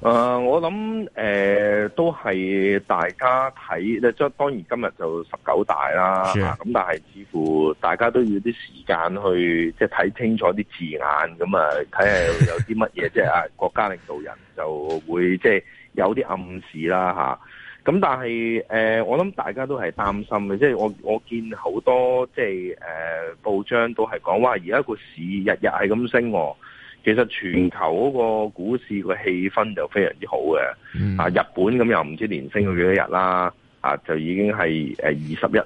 誒、呃，我諗誒、呃、都係大家睇咧，即當然今日就十九大啦，咁但係似乎大家都要啲時間去即係睇清楚啲字眼，咁啊睇下有啲乜嘢即係啊國家領導人就會即係有啲暗示啦吓，咁、啊、但係誒、呃、我諗大家都係擔心嘅，即係我我見好多即係誒、呃、報章都係講哇而家個市日日係咁升、啊。其實全球嗰個股市個氣氛就非常之好嘅、mm. 啊，啊日本咁又唔知連升咗幾多日啦，啊就已經係誒二十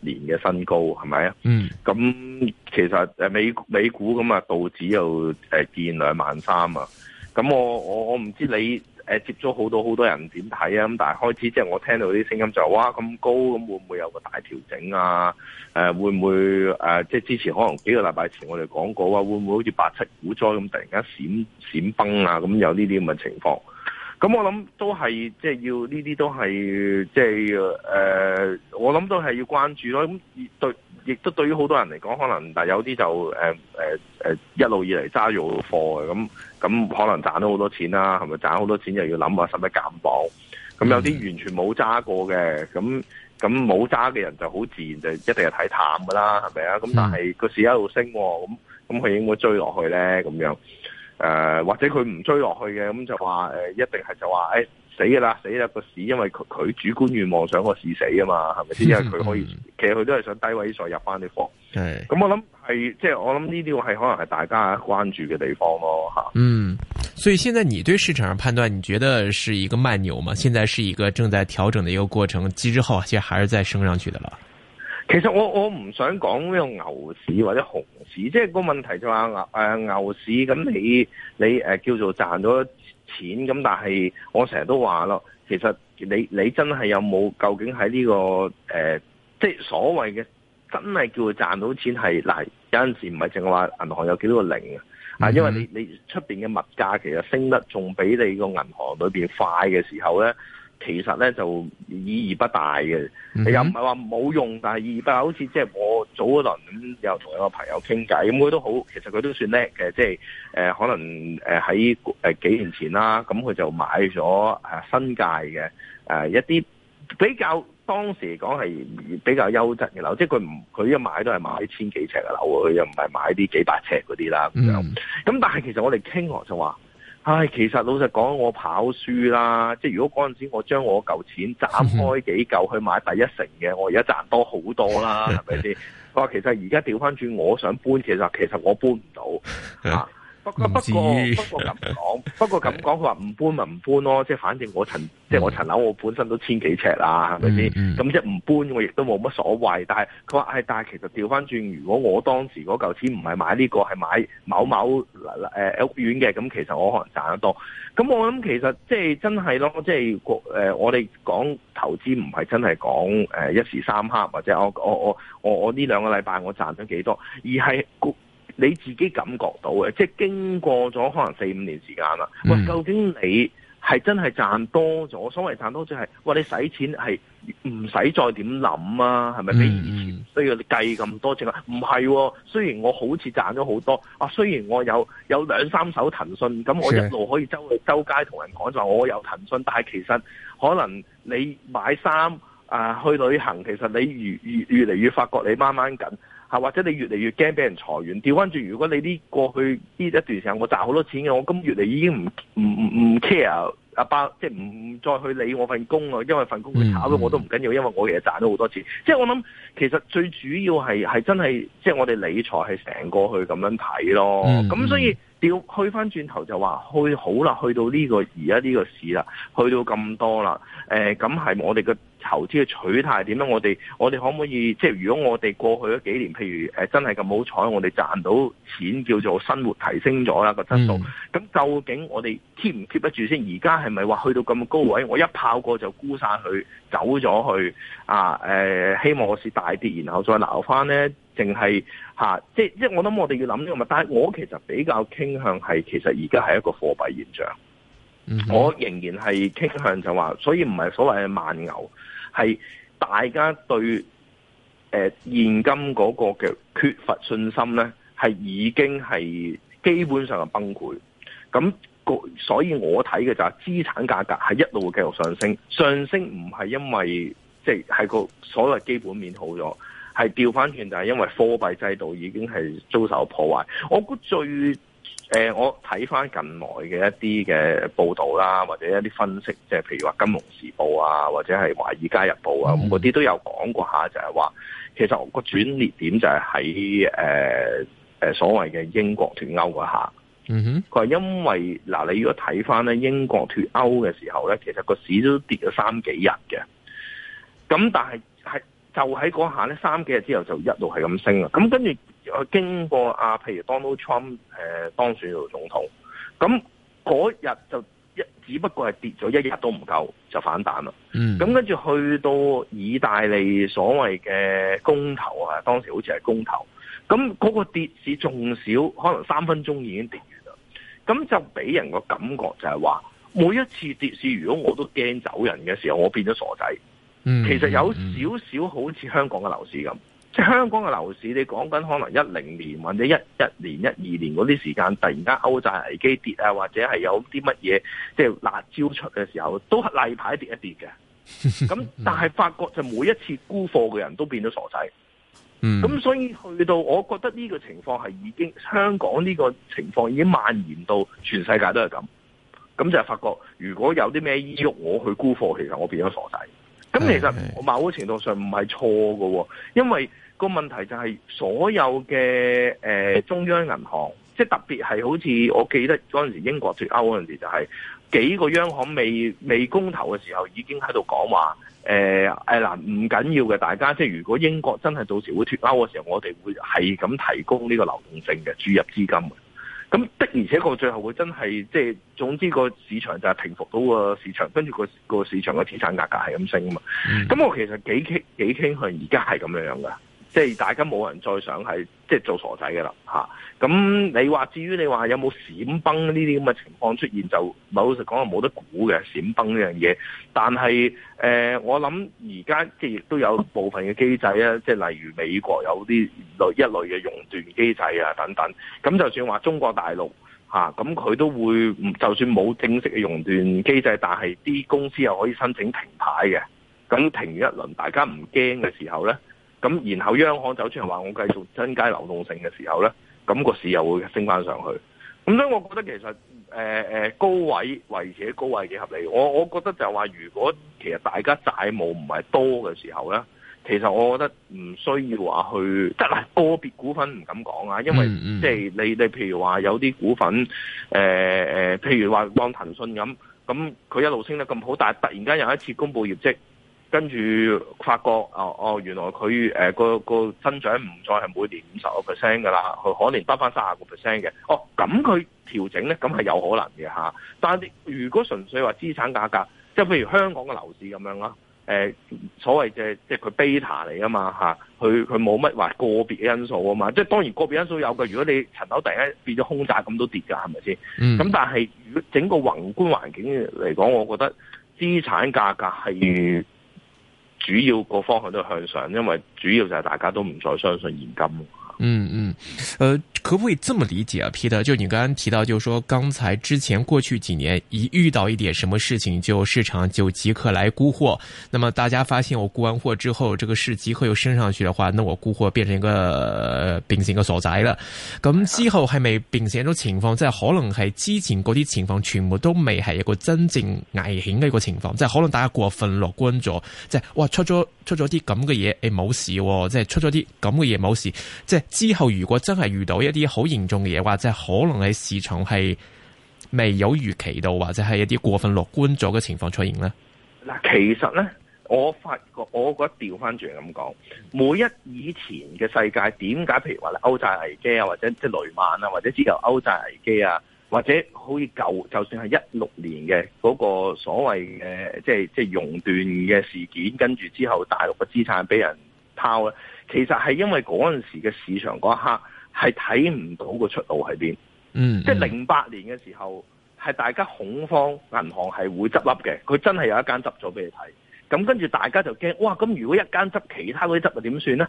一年嘅新高，係咪啊？咁、mm. 嗯、其實誒美美股咁啊道指又誒、啊、見兩萬三啊，咁我我我唔知你。誒接咗好多好多人點睇啊！咁但係開始即係、就是、我聽到啲聲音就是、哇咁高，咁會唔會有個大調整啊？誒、呃、會唔會誒即係之前可能幾個禮拜前我哋講過話，會唔會好似八七股災咁突然間閃閃崩啊？咁有呢啲咁嘅情況，咁我諗都係即係要呢啲都係即係誒，我諗都係要關注咯。咁對。亦都對於好多人嚟講，可能但有啲就誒誒誒一路以嚟揸住個貨嘅，咁、嗯、咁可能賺咗好多錢啦，係咪賺好多錢又要諗下使唔使減磅？咁、嗯嗯、有啲完全冇揸過嘅，咁咁冇揸嘅人就好自然就一定係睇淡噶啦，係咪啊？咁、嗯嗯、但係個市一路升，咁咁佢應該追落去咧，咁樣誒、呃，或者佢唔追落去嘅，咁、嗯、就話誒、呃，一定係就話誒。哎死噶啦，死啦個市，因為佢佢主觀願望想個市死啊嘛，係咪先？因為佢可以，其實佢都係想低位再入翻啲貨。係、嗯，咁我諗係，即係我諗呢啲係可能係大家關注嘅地方咯，吓。嗯，所以現在你對市場上判斷，你覺得是一個慢牛嘛？現在是一個正在調整的一個過程，之後其實還是再升上去的啦。其實我我唔想講呢個牛市或者熊市，即係個問題就話，誒牛市咁你你誒叫做賺咗。錢咁，但係我成日都話咯，其實你你真係有冇究竟喺呢個、呃、即係所謂嘅真係叫賺到錢係嗱、呃，有陣時唔係淨係話銀行有幾多個零啊，啊，因為你你出面嘅物價其實升得仲比你個銀行裏面快嘅時候咧。其實咧就意義不大嘅，又唔係話冇用，但係意義不大好似即係我早嗰輪咁，又同一個朋友傾偈，咁、嗯、佢都好，其實佢都算叻嘅，即係、呃、可能喺、呃、幾年前啦，咁、嗯、佢就買咗、啊、新界嘅、呃、一啲比較當時嚟講係比較優質嘅樓，即係佢唔佢一買都係買千幾尺嘅樓，佢又唔係買啲幾百尺嗰啲啦咁樣咁、嗯、但係其實我哋傾就話。唉，其實老實講，我跑輸啦。即係如果嗰陣時我將我嚿錢斬開幾嚿去買第一成嘅，我而家賺多好多啦，係咪先？我話其實而家調翻轉，我想搬，其實其實我搬唔到 啊。不過不過不過咁講，不過咁講，佢話唔搬咪唔搬咯，即係反正我層、嗯、即係我層樓，我本身都千幾尺啊，係咪先？咁即唔搬我亦都冇乜所謂。但係佢話係，但係其實調翻轉，如果我當時嗰嚿錢唔係買呢、這個，係買某某誒屋苑嘅，咁、呃呃、其實我可能賺得多。咁我諗其實即係真係咯，即係誒、呃、我哋講投資唔係真係講誒、呃、一時三刻，或者我我我我我呢兩個禮拜我賺咗幾多，而係。你自己感覺到嘅，即係經過咗可能四五年時間啦。喂、嗯，究竟你係真係賺多咗？所謂賺多即係，喂，你使錢係唔使再點諗啊？係咪？比以前需要你計咁多錢啊？唔係、哦，雖然我好似賺咗好多啊，雖然我有有兩三手騰訊，咁我一路可以周去周街同人講就我有騰訊，但係其實可能你買衫啊、呃、去旅行，其實你越越越嚟越發覺你掹掹緊。或者你越嚟越驚俾人裁員。調翻轉，如果你呢過去呢一段時間我賺好多錢嘅，我咁越嚟已經唔唔唔 care 阿爸，爸，即係唔再去理我份工啊，因為份工佢炒咗我都唔緊要，因為我其實賺咗好多錢。嗯嗯即係我諗，其實最主要係係真係，即、就、係、是、我哋理財係成個去咁樣睇咯。咁、嗯嗯、所以調去翻轉頭就話去好啦，去到呢、呢個而家呢個市啦，去到咁多啦。誒、呃，咁係我哋嘅。投資嘅取態點樣？我哋我哋可唔可以即係如果我哋過去咗幾年，譬如、呃、真係咁好彩，我哋賺到錢叫做生活提升咗啦，個質素。咁究竟我哋 keep 唔 keep 得住先？而家係咪話去到咁高位，嗯、我一炮過就沽晒佢走咗去啊、呃？希望我是大跌，然後再撈翻呢？淨係、啊、即係即我諗，我哋要諗呢、呢個問題。但係我其實比較傾向係，其實而家係一個貨幣現象。Mm-hmm. 我仍然係傾向就話，所以唔係所謂嘅慢牛，係大家對誒、呃、現金嗰個嘅缺乏信心咧，係已經係基本上係崩潰。咁、那個，所以我睇嘅就係資產價格係一路會繼續上升，上升唔係因為即係係個所謂基本面好咗，係調返轉，就係因為貨幣制度已經係遭受破壞。我估最。呃、我睇翻近來嘅一啲嘅報道啦，或者一啲分析，即係譬如話《金融時報》啊，或者係《華爾街日報》啊，咁嗰啲都有講過下就，就係話其實個轉捩點就係喺誒所謂嘅英國脱歐嗰下。嗯哼，佢係因為嗱，你如果睇翻咧英國脱歐嘅時候咧，其實個市都跌咗三幾日嘅。咁但係就喺嗰下咧，三幾日之後就一路係咁升啦。咁跟住。我經過啊，譬如 Donald Trump 誒、呃、當選做總統，咁嗰日就一，只不過係跌咗一日都唔夠就反彈啦。咁跟住去到意大利所謂嘅公投啊，當時好似係公投，咁嗰個跌市仲少，可能三分鐘已經跌完啦。咁就俾人個感覺就係話，每一次跌市如果我都驚走人嘅時候，我變咗傻仔。嗯。其實有少少好似香港嘅樓市咁。即係香港嘅樓市，你講緊可能一零年或者一一年、一二年嗰啲時間，突然間歐債危機跌啊，或者係有啲乜嘢即係辣椒出嘅時候，都係例牌跌一跌嘅。咁 但係發覺就每一次沽貨嘅人都變咗傻仔。嗯。咁所以去到，我覺得呢個情況係已經香港呢個情況已經蔓延到全世界都係咁。咁就係發覺，如果有啲咩喐我去沽貨，其實我變咗傻仔。咁其實我某個程度上唔係錯㗎喎，因為個問題就係所有嘅、呃、中央銀行，即係特別係好似我記得嗰陣時英國脱歐嗰陣時、就係，就係幾個央行未未公投嘅時候，已經喺度講話誒嗱唔緊要嘅，大家即係如果英國真係到時會脱歐嘅時候，我哋會係咁提供呢個流動性嘅注入資金。咁的而且確最後會真係即係總之個市場就係平伏到個市場，跟住個個市場個資產價格係咁升吖嘛。咁我其實幾傾幾傾向而家係咁樣樣噶。即係大家冇人再想係即係做傻仔嘅啦嚇。咁、啊、你話至於你話有冇閃崩呢啲咁嘅情況出現，就唔係老實講，冇得估嘅閃崩呢樣嘢。但係誒、呃，我諗而家即係亦都有部分嘅機制啊，即係例如美國有啲類一類嘅熔斷機制啊等等。咁就算話中國大陸嚇，咁、啊、佢都會就算冇正式嘅熔斷機制，但係啲公司又可以申請停牌嘅。咁停一輪，大家唔驚嘅時候咧。咁然後央行走出嚟話我繼續增加流動性嘅時候呢，咁個市又會升返上去。咁所以，我覺得其實誒、呃、高位維持喺高位幾合理。我我覺得就話如果其實大家債務唔係多嘅時候呢，其實我覺得唔需要話去。得啦，個別股份唔敢講啊，因為即係你你譬如話有啲股份、呃、譬如話當騰訊咁，咁佢一路升得咁好，但係突然間有一次公佈業績。跟住發覺哦哦，原來佢誒、呃、個個,個增長唔再係每年五十個 percent 嘅啦，佢可能得翻卅個 percent 嘅。哦，咁佢調整咧，咁係有可能嘅嚇。但係如果純粹話資產價格，即係譬如香港嘅樓市咁樣啦，誒、呃、所謂嘅即係佢 beta 嚟啊嘛嚇，佢佢冇乜話個別嘅因素啊嘛。即係當然個別因素有嘅，如果你層樓突然間變咗空炸咁都跌㗎，係咪先？咁、嗯、但係整個宏觀環境嚟講，我覺得資產價格係。嗯主要個方向都向上，因為主要就係大家都唔再相信現金。嗯嗯，呃可不可以這麼理解啊？Peter，就你剛剛提到，就是說剛才之前過去幾年，一遇到一點什麼事情，就市場就即刻來沽貨。那麼大家發現我沽完貨之後，這個市即刻又升上去的話，那我沽貨變成一個變成一個傻仔啦。咁之後係咪變成一種情況，即係可能係之前啲情況全部都未係一個真正危險嘅一個情況，即係可能大家過分樂觀咗，即係哇、哦、出咗出咗啲咁嘅嘢，誒冇事，即係出咗啲咁嘅嘢冇事，即係。這之後如果真係遇到一啲好嚴重嘅嘢，或者可能喺市場係未有預期到，或者係一啲過分樂觀咗嘅情況出現呢。嗱，其實呢，我發覺我覺得調翻轉咁講，每一以前嘅世界，點解譬如話咧歐債危機啊，或者即係雷曼啊，或者之後歐債危機啊，或者好似舊就算係一六年嘅嗰個所謂誒，即係即係熔斷嘅事件，跟住之後大陸嘅資產俾人。其實係因為嗰陣時嘅市場嗰一刻係睇唔到個出路喺邊。嗯、嗯，即係零八年嘅時候，係大家恐慌，銀行係會執笠嘅。佢真係有一間執咗俾你睇，咁跟住大家就驚。哇！咁如果一間執，其他嗰啲執又點算呢？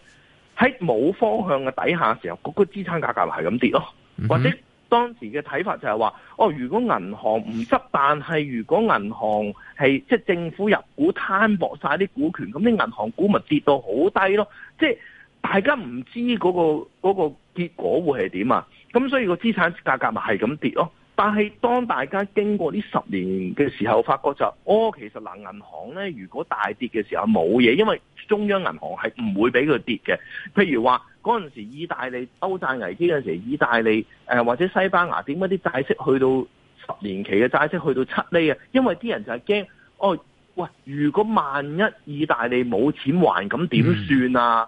喺冇方向嘅底下時候，嗰個資產價格係咁跌咯，或者。當時嘅睇法就係話：哦，如果銀行唔執，但係如果銀行係即係政府入股攤薄晒啲股權，咁啲銀行股咪跌到好低咯。即係大家唔知嗰個嗰個結果會係點啊？咁所以個資產價格咪係咁跌咯。但係當大家經過呢十年嘅時候，發覺就哦，其實嗱銀行咧，如果大跌嘅時候冇嘢，因為中央銀行係唔會俾佢跌嘅。譬如話。嗰陣時，候意時候，意大利歐債危機嗰陣時，意大利誒或者西班牙點解啲債息去到十年期嘅債息去到七厘啊？因為啲人就係驚哦，喂，如果萬一意大利冇錢還咁點算啊？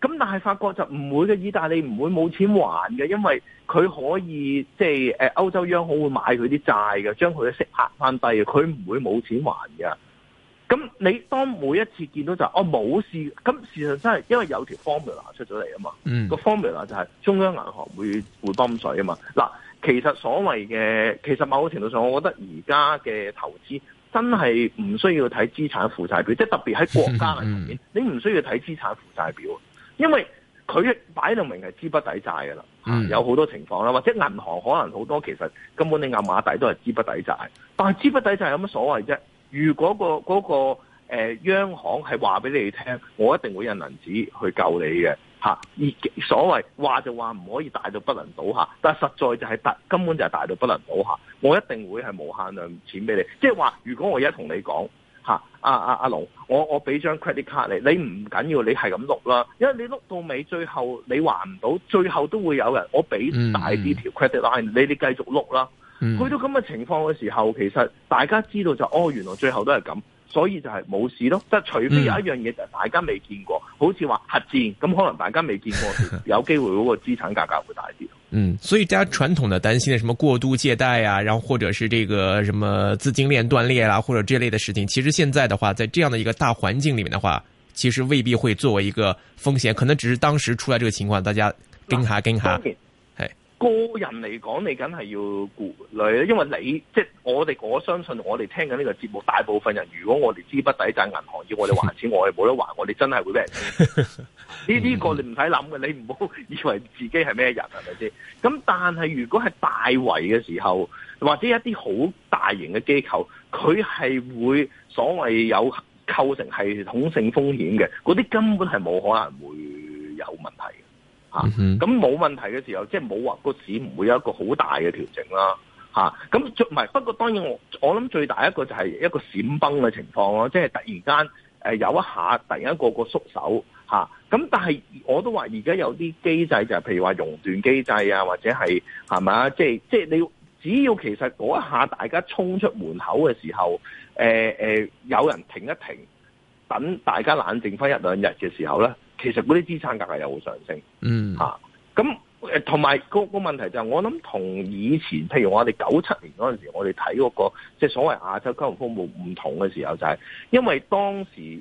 咁、嗯、但係法國就唔會嘅，意大利唔會冇錢還嘅，因為佢可以即係誒歐洲央行會買佢啲債嘅，將佢嘅息壓翻低，佢唔會冇錢還嘅。咁你當每一次見到就我冇、哦、事，咁事實真係因為有條 formula 出咗嚟啊嘛，個、嗯、formula 就係中央銀行會會泵水啊嘛。嗱，其實所謂嘅其實某程度上，我覺得而家嘅投資真係唔需要睇資產負債表，即、就、係、是、特別喺國家嘅層面，嗯、你唔需要睇資產負債表，因為佢擺到明係資不抵債㗎啦、嗯。有好多情況啦，或者銀行可能好多其實根本你押馬底都係資不抵債，但係資不抵債有乜所謂啫？如果個嗰個央行係話俾你聽，我一定會印銀紙去救你嘅，所謂話就話唔可以大到不能倒下，但實在就係大，根本就係大到不能倒下。我一定會係無限量錢俾你，即係話如果我而家同你講，嚇阿阿阿龍，我我俾張 credit card 你，你唔緊要，你係咁碌啦，因為你碌到尾，最後你還唔到，最後都會有人我俾大啲條 credit line，你哋繼續碌啦。嗯、去到咁嘅情況嘅時候，其實大家知道就哦，原來最後都係咁，所以就係冇事咯。但係除非有一樣嘢，就大家未見過，嗯、好似話核戰咁，那可能大家未見過， 有機會嗰個資產價格會大啲。嗯，所以大家傳統的擔心嘅什麼過度借貸啊，然後或者是這個什麼資金鏈斷裂啦，啊，或者這類的事情，其實現在的話，在這樣的一個大環境裏面的話，其實未必會作為一個風險，可能只是當時出來這個情況，大家驚下驚下。驚個人嚟講，你梗係要顧慮，因為你即係我哋我相信我哋聽緊呢個節目，大部分人如果我哋資不抵債，銀行要我哋還錢，我哋冇得還，我哋真係會俾人呢啲個你唔使諗嘅，你唔好以為自己係咩人，係咪先？咁但係如果係大圍嘅時候，或者一啲好大型嘅機構，佢係會所謂有構成系統性風險嘅，嗰啲根本係冇可能會有問題嘅。咁、嗯、冇問題嘅時候，即係冇話個市唔會有一個好大嘅調整啦。嚇，咁唔係，不過當然我我諗最大一個就係一個閃崩嘅情況咯，即係突然間有一下突然間個個縮手嚇，咁但係我都話而家有啲機制就係譬如話熔斷機制啊，或者係係咪，即係即係你只要其實嗰一下大家衝出門口嘅時候，呃呃，有人停一停，等大家冷靜翻一兩日嘅時候咧。其實嗰啲資產價格又會上升，嗯嚇，咁同埋個問問題就係、是、我諗同以前，譬如我哋九七年嗰陣時，我哋睇嗰個即係所謂亞洲金融風暴唔同嘅時候、就是，就係因為當時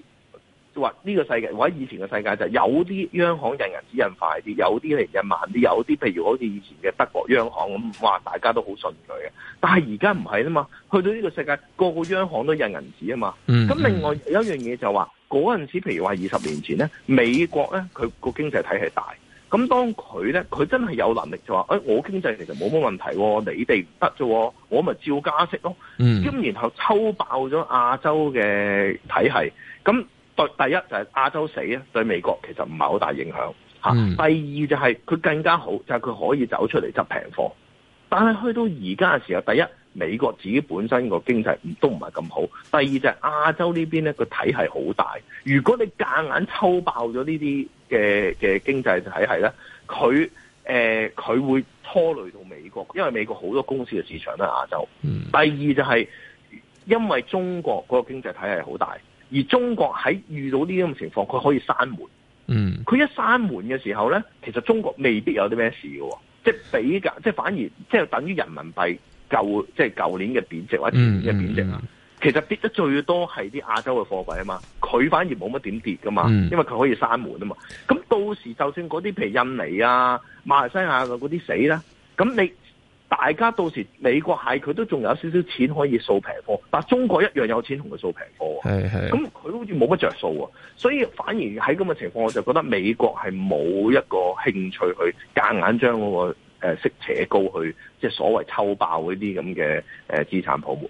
話呢個世界或者以前嘅世界就係有啲央行印銀紙印快啲，有啲嚟印慢啲，有啲譬如好似以前嘅德國央行咁話，大家都好信佢嘅。但係而家唔係啦嘛，去到呢個世界，個個央行都印銀紙啊嘛。咁另外有一樣嘢就話、是、話。嗰陣時，譬如話二十年前咧，美國咧佢個經濟體係大，咁當佢咧佢真係有能力就話：，誒，我經濟其實冇乜問題喎，你哋唔得啫，我咪照加息咯。嗯，咁然後抽爆咗亞洲嘅體系，咁第第一就係亞洲死啊，對美國其實唔係好大影響吓。嗯，第二就係佢更加好，就係佢可以走出嚟執平貨，但係去到而家嘅時候，第一。美國自己本身個經濟都唔係咁好。第二就係亞洲呢邊咧個體系好大。如果你夾硬抽爆咗呢啲嘅嘅經濟體系咧，佢誒佢會拖累到美國，因為美國好多公司嘅市場都係亞洲。第二就係因為中國嗰個經濟體系好大，而中國喺遇到呢啲咁嘅情況，佢可以閂門。嗯，佢一閂門嘅時候咧，其實中國未必有啲咩事㗎喎，即係比較，即係反而即係等於人民幣。舊即係舊年嘅貶值或者前年嘅貶值啊，嗯嗯，其實跌得最多係啲亞洲嘅貨幣啊嘛，佢反而冇乜點跌噶嘛、嗯，因為佢可以閂門啊嘛。咁到時就算嗰啲譬如印尼啊、馬來西亞嗰啲死啦，咁你大家到時美國係佢都仲有少少錢可以掃平貨，但係中國一樣有錢同佢掃平貨啊。係、嗯、係，咁佢好似冇乜着數啊，所以反而喺咁嘅情況，我就覺得美國係冇一個興趣去夾硬將嗰個。誒、啊，識扯高去，即係所謂抽爆嗰啲咁嘅誒，資產泡沫。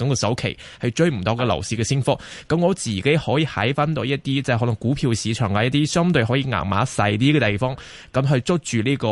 整嘅首期係追唔到嘅樓市嘅升幅，咁我自己可以喺翻到一啲即係可能股票市場嘅一啲相對可以銀碼細啲嘅地方，咁去捉住呢個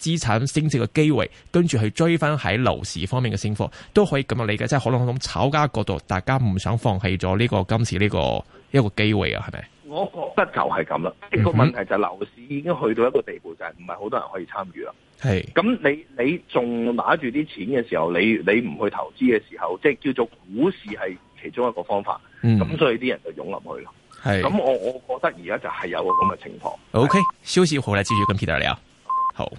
資產升值嘅機會，跟住去追翻喺樓市方面嘅升幅，都可以咁樣理解。即係可能喺種炒家角度，大家唔想放棄咗呢個今次呢個一個機會啊，係咪？我覺得就係咁啦，呢個問題就係樓市已經去到一個地步，就係唔係好多人可以參與啦。係，咁你你仲拿住啲錢嘅時候，你你唔去投資嘅時候，即係叫做股市係其中一個方法。咁、嗯、所以啲人就湧入去咯。係，咁我我覺得而家就係有個咁嘅情況。O K，消息好啦，繼續跟 Peter 聊。好。